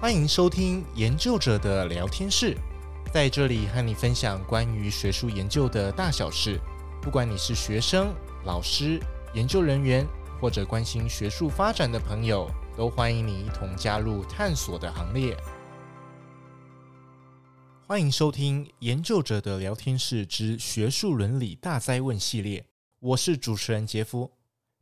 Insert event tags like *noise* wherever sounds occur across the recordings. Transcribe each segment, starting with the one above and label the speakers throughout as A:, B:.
A: 歡迎收聽研究者的聊天室，在這裡和你分享關於學術研究的大小事。不管你是學生、老師、研究人員，或者關心學術發展的朋友，都歡迎你一同加入探索的行列。歡迎收聽研究者的聊天室之學術倫理大哉問系列，我是主持人傑夫。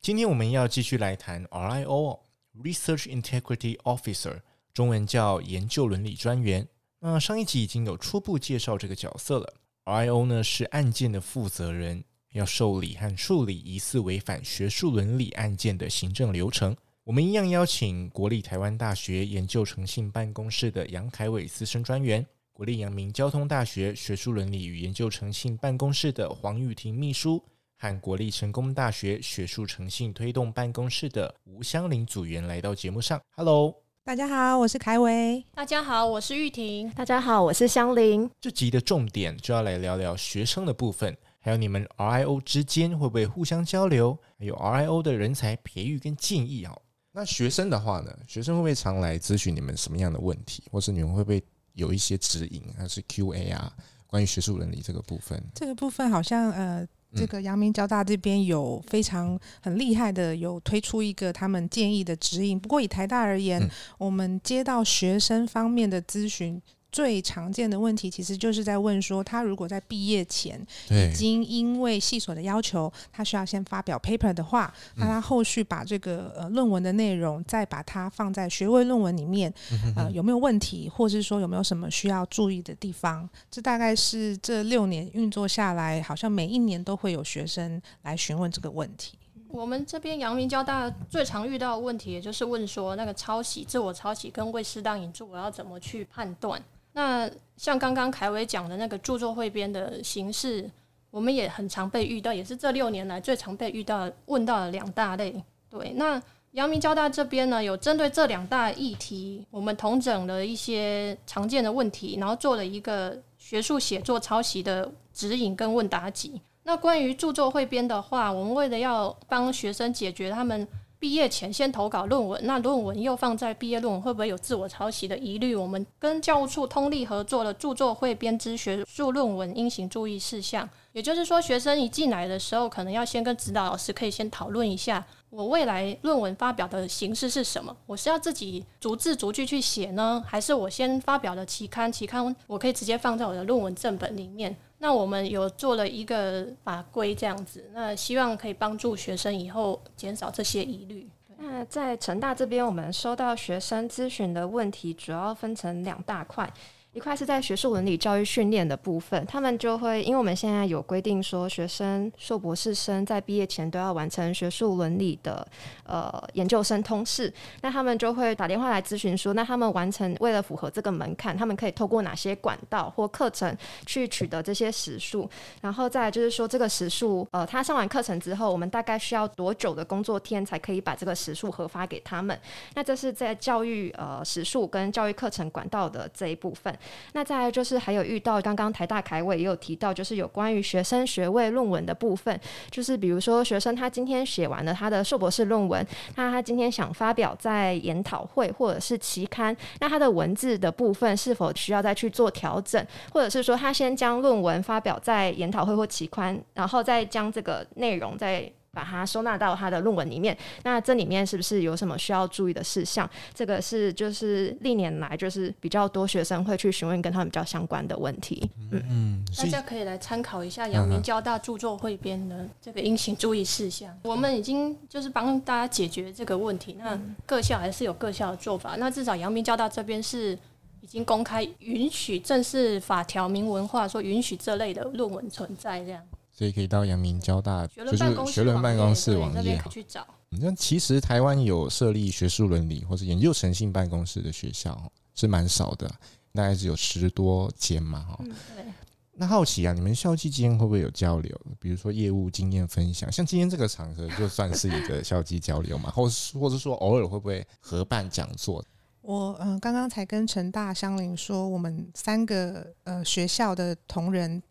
A: 今天我們要繼續來談 RIO，Research Integrity Officer。中文叫研究倫理專員。那上一集已經有初步介紹這個角色了。RIO 呢是案件的負責人，要受理和處理疑似違、違反學術倫理案件的行政流程。我們一樣邀請國立台灣大學研究誠信辦公室的楊鎧瑋資深專員，國立陽明交通大學學術倫理與研究誠信辦公室的黃郁婷秘、秘書，和國立成功大學學術誠信推動辦公室的吳湘淩組員來到節目上。Hello。
B: 大家好，我是鎧瑋。大家好，我是郁婷。大家好，我是湘淩。
A: 這集的重點就要來聊聊學生的部分，還有你們 R I O 之間會不會互相交流，還有 R I O 的人才培育跟建議哦，那學生的話呢，學生會不會常來諮詢你們什麼樣的問題，或是你們會不會有一些指引，還是 Q A 啊？關於學術倫理這個部分，
C: 這個部分好像呃。嗯、這個陽明交大這邊有非常很厲害的，有推出一個他們建議的指引。不過以台大而言，嗯、我們接到學生方面的諮詢。最常見的問題其實就是在問說，他如果在畢業前已經因為系所的要求，他需要先發表 paper 的話，那他後續把這個呃論文的內容再把它放在學位論文裡面，呃有沒有問題，或是說有沒有什麼需要注意的地方？這大概是這六年運作下來，好像每一年都會有學生來詢問這個問題。
D: 我們這邊陽明交大最常遇到的問題，也就是問說那個抄襲、自我抄襲跟未適當引注，我要怎麼去判斷？那像剛剛鎧瑋講的那個著作彙編的形式，我們也很常被遇到，也是這六年來最常被遇到問到的兩大類。對，那陽明交大這邊呢，有針對這兩大議題，我們統整了一些常見的問題，然後做了一個學術寫作抄襲的指引跟問答集。那關於著作彙編的話，我們為了要幫學生解決他們畢業前先投稿論文，那論文又放在畢業論文，會不會有自我抄襲的疑慮？我們跟教務處通力合作的，著作彙編之學術論文應行注意事項。也就是說，學生一進來的時候，可能要先跟指導老師可以先討論一下。我未來論文發表的形式是什麼？我是要自己逐字逐句去寫呢，還是我先發表的期刊？期刊我可以直接放在我的論文正本裡面。那我們有做了一個法規這樣子，那希望可以幫助學生以後減少這些疑慮。
B: 那在成大這邊，我們收到學生諮詢的問題主要分成兩大塊。一塊是在學術倫理教育訓練的部分，他們，就會，因為我們現在有規定說，學生、碩博士生在畢業前都要完成學術倫理的呃研究生通識，那他們就會打電話來諮詢說，那他們完成為了符合這個門檻，他們可以透過哪些管道或課程去取得這些時數，然後再就是說這個時數，呃，他上完課程之後，我們大概需要多久的工作天才可以把這個時數核發給他們？那這是在教育呃時數跟教育課程管道的這一部分。那再來就是還有遇到剛剛台大鎧瑋也有提到，就是有關於學生學位論文的部分，就是比如說學生他今天寫完了他的碩博士論文，那他今天想發表在研討會或者是期刊，那他的文字的部分是否需要再去做調整，或者是說他先將論文發表在研討會或期刊，然後再將這個內容再。把它收納到他的論文裡面。那這裡面是不是有什麼需要注意的事項？這個是就是歷年來就是比較多學生會去詢問跟他們比較相關的問題。
A: 嗯嗯，大家
D: 可以來參考一下陽明交大著作彙編的這個應行注意事項。嗯、我們已經就是幫大家解決這個問題。嗯、那各校還是有各校的做法。那至少陽明交大這邊是已經公開允許，正式法條明文化說允許這類的論文存在這樣。
A: 所以可以到陽明交大就是學倫辦公室網頁去找。那其實臺灣有設立學術倫理或者研究誠信辦公室的學校是蠻少的，大概只有十多間嘛。哈，那好奇啊，你們校際之間會不會有交流？比如說業務經驗分享，像今天這個場合就算是一個校際交流嘛， *laughs* 或是或者說偶爾會不會合辦講座？
C: 我嗯，剛、呃、剛才跟成大湘淩說，我們三個呃學校的同仁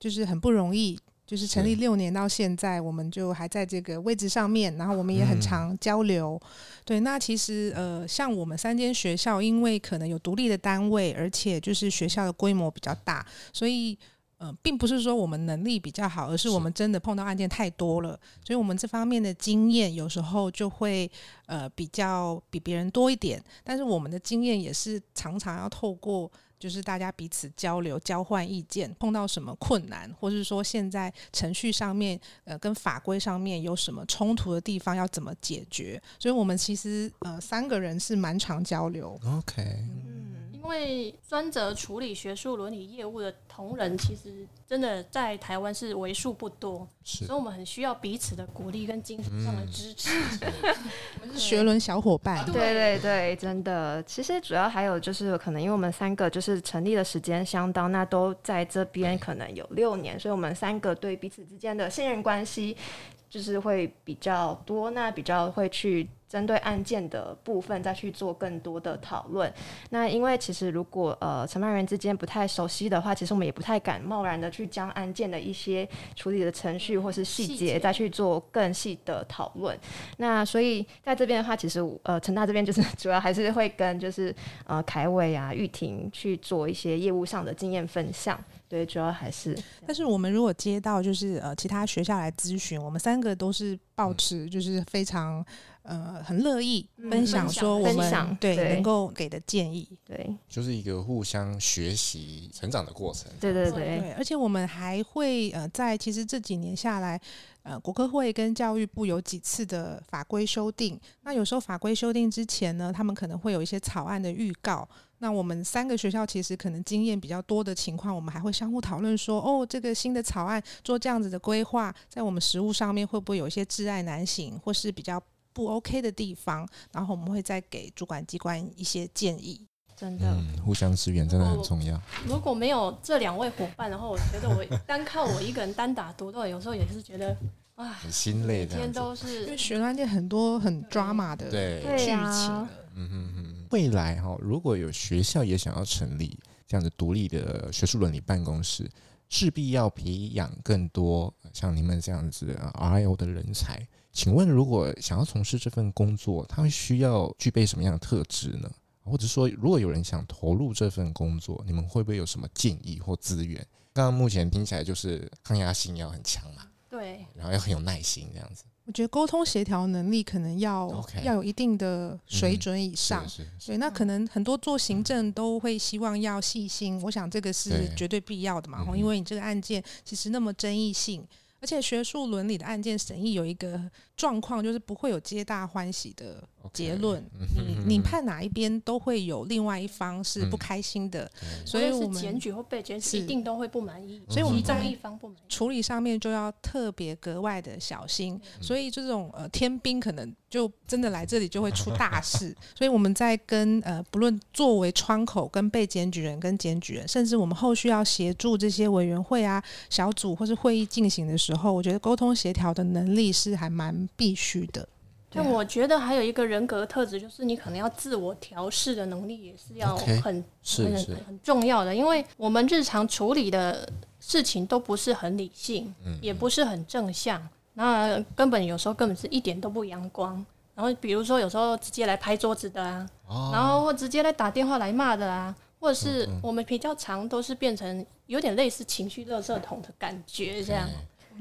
C: 就是很不容易。就是成立六年到現在，嗯、我們就還在這個位置上面，然後我們也很常交流。嗯、對，那其實呃，像我們三間學校，因為可能有獨立的單位，而且就是學校的規模比較大，所以呃，並不是說我們能力比較好，而是我們真的碰到案件太多了，是所以我們這方面的經驗有時候就會呃比較比別人多一點，但是我們的經驗也是常常要透過。就是大家彼此交流、交換意見，碰到什麼困難，或是說現在程序上面、呃，跟法規上面有什麼衝突的地方，要怎麼解決？所以，我們其實呃，三個人是蠻常交流。OK，嗯。
D: 因為專責處理學術倫理業務的同仁，其實真的在台灣是為數不多，是所以，我們很需要彼此的
B: 鼓勵跟精神上的支持。嗯、 *laughs* 我們是學倫小夥伴，對對對，真的。其實，主要還有就是可能，因為我們三個就是成立的時間相當，那都在這邊可能有六年，對所以我們三個對彼此之間的信任關係就是會比較多，那比較會去。針對案件的部分再去做更多的討論。那因為其實如果呃承辦人之間不太熟悉的話，其實我們也不太敢貿然的去將案件的一些處理的程序或是細節再去做更細的討論。節那所以在這邊的話，其實呃成大這邊就是主要還是會跟就是呃鎧瑋啊、郁婷去做一些業務上的經驗分享。對，主要還是。
C: 但是我們如果接到就是呃其他學校來諮詢，我們三個都是抱持就是非常。呃，很樂意、嗯、分享、分享，說我們對能夠給的建議，對，
A: 就是一個互相學習成長的過程，對對對、對，而
C: 且我們還會呃，在其實這幾年下來，呃，國科會跟教育部有幾次的法規修訂。那有時候法規修訂之前呢，他們可能會有一些草案的預告。那我們三個學校其實可能經驗比較多的情況，我們還會相互討論說，哦，這個新的草案做這樣子的規劃，在我們實務上面會不會有一些窒礙難行，或是比較。不 OK 的地方，然後我們會再給主管機關一些建議。真
D: 的，
A: 嗯，互相支援真的很重要。
C: 如果沒有這兩位
D: 伙伴，然後我覺得我 *laughs* 單靠我一個人單打獨鬥，有時候也是覺得，
A: 哇，很心累的。每天
C: 都是因為學生事件很多很抓馬的劇情。對，對啊，嗯嗯嗯。
A: 未來哈，如果有學校也想要成立這樣子獨立的學術倫理辦公室，勢必要培養更多像你們這樣子 RIO 的人才。請問，如果想要從事這份工作，他們需要具備什麼樣的特質呢？或者說，如果有人想投入這份工作，你們會不會有什麼建議或資源？剛剛目前聽起來就是抗壓性要很強嘛，對，然後要很有耐心這樣子。
C: 我覺得溝通協調能力可能要 Okay，要有一定的水準以上。嗯、是是是是對，那可能很多做行政都會希望要細心，嗯、我想這個是絕對必要的嘛，對，嗯、哼，因為你這個案件其實那麼爭議性。而且學術倫理的案件審議有一個狀況，就是不會有皆大歡喜的結論，你你判哪一邊都會有另外一方是不開心的，嗯、所以我們檢舉或被檢舉一定都
D: 會不滿意，所以我們在
C: 處理上面就要特別格外的小心。所以這種呃天兵可能就真的來這裡就會出大事，所以我們在跟呃不論作為窗口跟被檢舉人跟檢舉人，甚至我們後續要協助這些委員會啊小組或是會議進行的時候，我覺得溝通協調的能力是還蠻必須的。
D: 那我覺得還有一個人格特質，就是你可能要自我調適的能力也是要很 okay, 很很重要的，因為我們日常處理的事情都不是很理性，嗯嗯、也不是很正向，那根本有時候根本是一點都不陽光。然後比如說有時候直接來拍桌子的啊，哦、然後或直接來打電話來罵的啊，或者是我們比較常都是變成有點類似情緒垃圾桶的感覺這樣。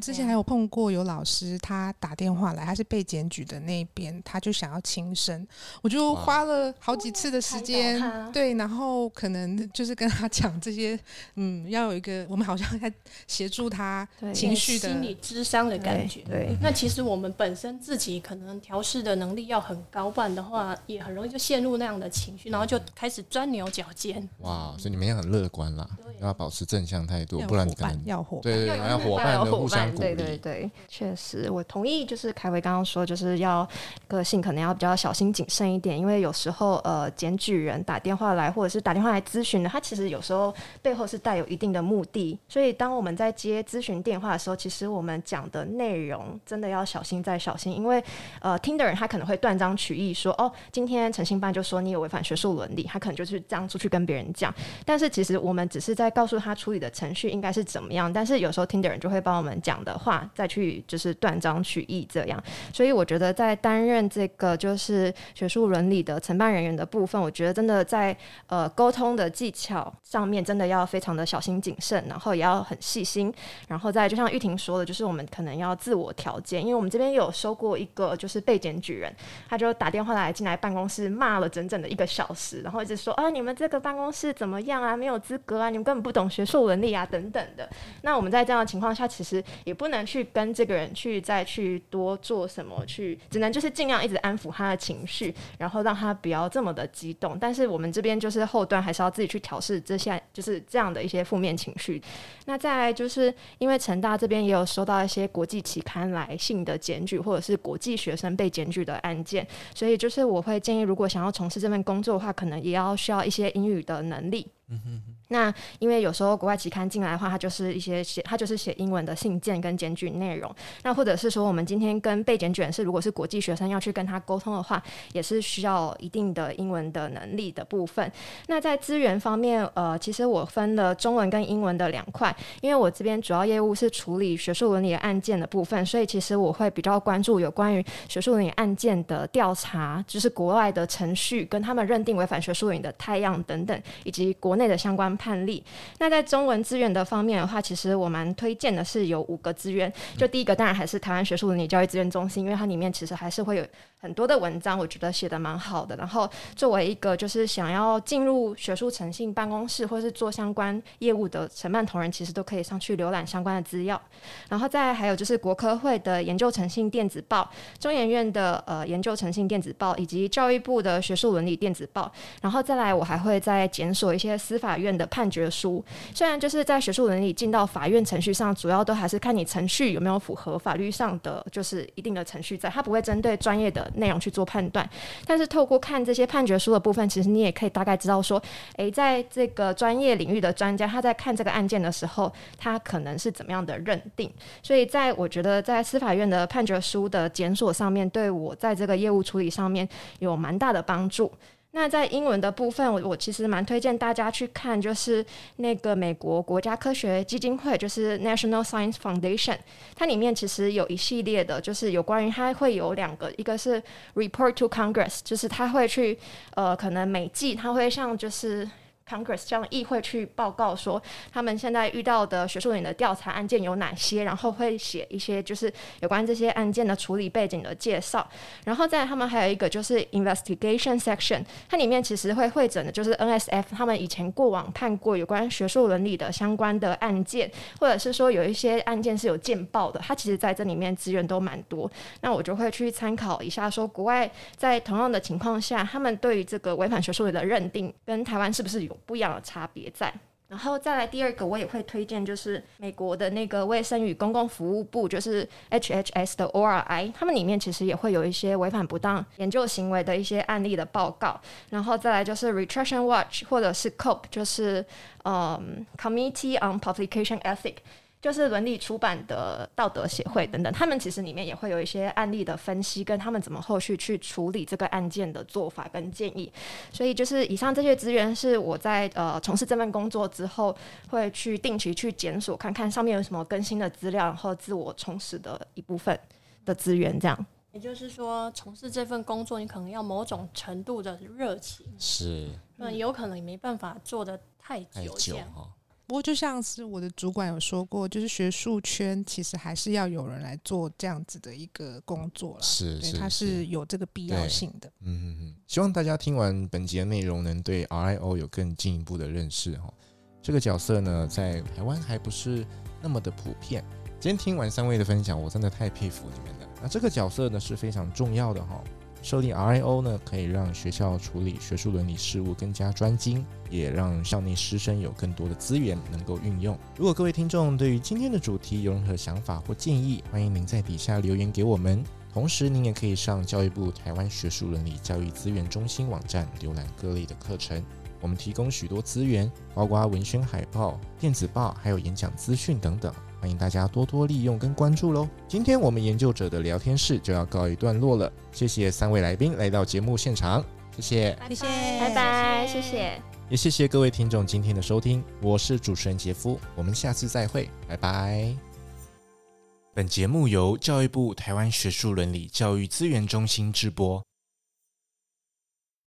C: 之前還有碰過有老師，他打電話來，他是被檢舉的那邊，他就想要輕生，我就花了好幾次的時間，對，然後可能就是跟他講這些，嗯，要有一個我們好像在協助他情緒的對心理諮商的感覺，對。對那其實
D: 我們本身自己可能調適的能力要很高，不然的話也很容易就陷入那樣的情緒，然後就開始鑽牛角尖。
A: 哇，所以你們也很樂觀啦，要，要保持正向態度，不然你要伙對火。對，要夥伴的互相要伙伴。互相對對
B: 對，確實，我同意，就是鎧瑋剛剛說，就是要個性可能要比較小心謹慎一點，因為有時候呃檢舉人打電話來，或者是打電話來諮詢的，他其實有時候背後是帶有一定的目的，所以當我們在接諮詢電話的時候，其實我們講的內容真的要小心再小心，因為呃聽的人他可能會斷章取義說哦，今天誠信辦就說你有違反學術倫理，他可能就是這樣出去跟別人講，但是其實我們只是在告訴他處理的程序應該是怎麼樣，但是有時候聽的人就會幫我們講。的話再去就是斷章取義這樣，所以我覺得在擔任這個就是學術倫理的承辦人員的部分，我覺得真的在呃溝通的技巧上面真的要非常的小心謹慎，然後也要很細心，然後再就像郁婷說的，就是我們可能要自我調節，因為我們這邊有收過一個就是被檢舉人，他就打電話來進來辦公室罵了整整的一個小時，然後一直說啊，你們這個辦公室怎麼樣啊，沒有資格啊，你們根本不懂學術倫理啊等等的。那我們在這樣的情況下其實。也不能去跟這個人去再去多做什麼去，只能就是盡量一直安撫他的情緒，然後讓他不要這麼的激動。但是我們這邊就是後端還是要自己去調試這些就是這樣的一些負面情緒。那再來就是因為成大這邊也有收到一些國際期刊來信的檢舉，或者是國際學生被檢舉的案件，所以就是我會建議，如果想要從事這份工作的話，可能也要需要一些英語的能力。嗯那因為有時候國外期刊進來的話，它就是一些寫，它就是寫英文的信件跟檢舉內容。那或者是說，我們今天跟被檢舉人是，如果是國際學生要去跟他溝通的話，也是需要一定的英文的能力的部分。那在資源方面，呃，其實我分了中文跟英文的兩塊，因為我這邊主要業務是處理學術倫理的案件的部分，所以其實我會比較關注有關於學術倫理案件的調查，就是國外的程序跟他們認定違反學術倫理的態樣等等，以及國內的相關。判例。那在中文資源的方面的話，其實我蠻推薦的是有五個資源。就第一個，當然還是台灣學術倫理教育資源中心，因為它裡面其實還是會有很多的文章，我覺得寫的蠻好的。然後作為一個就是想要進入學術誠信辦公室或是做相關業務的承辦同仁，其實都可以上去瀏覽相關的資料。然後再還有就是國科會的研究誠信電子報、中研院的呃研究誠信電子報以及教育部的學術倫理電子報。然後再來，我還會再檢索一些司法院的。判決書，雖然就是在學術倫理進到法院程序上，主要都還是看你程序有沒有符合法律上的就是一定的程序，在它不會針對專業的內容去做判斷。但是透過看這些判決書的部分，其實你也可以大概知道說，哎，在這個專業領域的專家他在看這個案件的時候，他可能是怎麼樣的認定。所以，在我覺得在司法院的判決書的檢索上面，對我在這個業務處理上面有蠻大的幫助。那在英文的部分，我我其實蠻推薦大家去看，就是那個美國國家科學基金會，就是 National Science Foundation，它裡面其實有一系列的，就是有關於它會有兩個，一個是 Report to Congress，就是它會去呃，可能每季它會像就是。Congress 向的議會去報告說，他們現在遇到的學術倫理的調查案件有哪些？然後會寫一些就是有關這些案件的處理背景的介紹。然後在他們還有一個就是 Investigation Section，它裡面其實會彙整的就是 NSF 他們以前過往看過有關學術倫理的相關的案件，或者是說有一些案件是有見報的。它其實在這裡面資源都蠻多。那我就會去參考一下，說國外在同樣的情況下，他們對於這個違反學術倫理的認定，跟台灣是不是有？不一樣的差別在，然後再來第二個，我也會推薦，就是美國的那個衛生與公共服務部，就是 HHS 的 ORI，他們裡面其實也會有一些違反不當研究行為的一些案例的報告。然後再來就是 Retraction Watch 或者是 COPE，就是呃、嗯、Committee on Publication Ethics。就是倫理出版的道德協會等等，他們其實裡面也會有一些案例的分析，跟他們怎麼後續去處理這個案件的做法跟建議。所以，就是以上這些資源是我在呃從事這份工作之後，會去定期去檢索，看看上面有什麼更新的資料，然後自我充實的一部分的資源。這樣，
D: 也就是說，從事這份工作，你可能要某種程度的熱情，
B: 是，
D: 那、嗯、有可能也沒辦法做得太久，太久哦。
C: 不過就像是我的主管有說過，就是學術圈其實還是要有人來做這樣子的一個工作啦。是，對是它是有這個必要性的。嗯嗯
A: 嗯，希望大家聽完本集的內容，能對 RIO 有更進一步的認識哈。這個角色呢，在台灣還不是那麼的普遍。今天聽完三位的分享，我真的太佩服你們了。那這個角色呢是非常重要的哈。設立 RIO 呢，可以讓學校處理學術倫理事務更加專精，也讓校內師生有更多的資源能夠運用。如果各位聽眾對於今天的主題有任何想法或建議，歡迎您在底下留言給我們。同時，您也可以上教育部台灣學術倫理教育資源中心網站瀏覽各類的課程。我們提供許多資源，包括文宣海報、電子報，還有演講資訊等等。歡迎大家多多利用跟關注嘍！今天我們研究者的聊天室就要告一段落了，謝謝三位來賓來到節目現場，謝謝、拜拜、謝
B: 謝、拜拜、謝謝，
A: 也謝謝各位聽眾今天的收聽，我是主持人杰夫，我們下次再會，拜拜。本節目由教育部台灣學術倫理教育資源中心直播。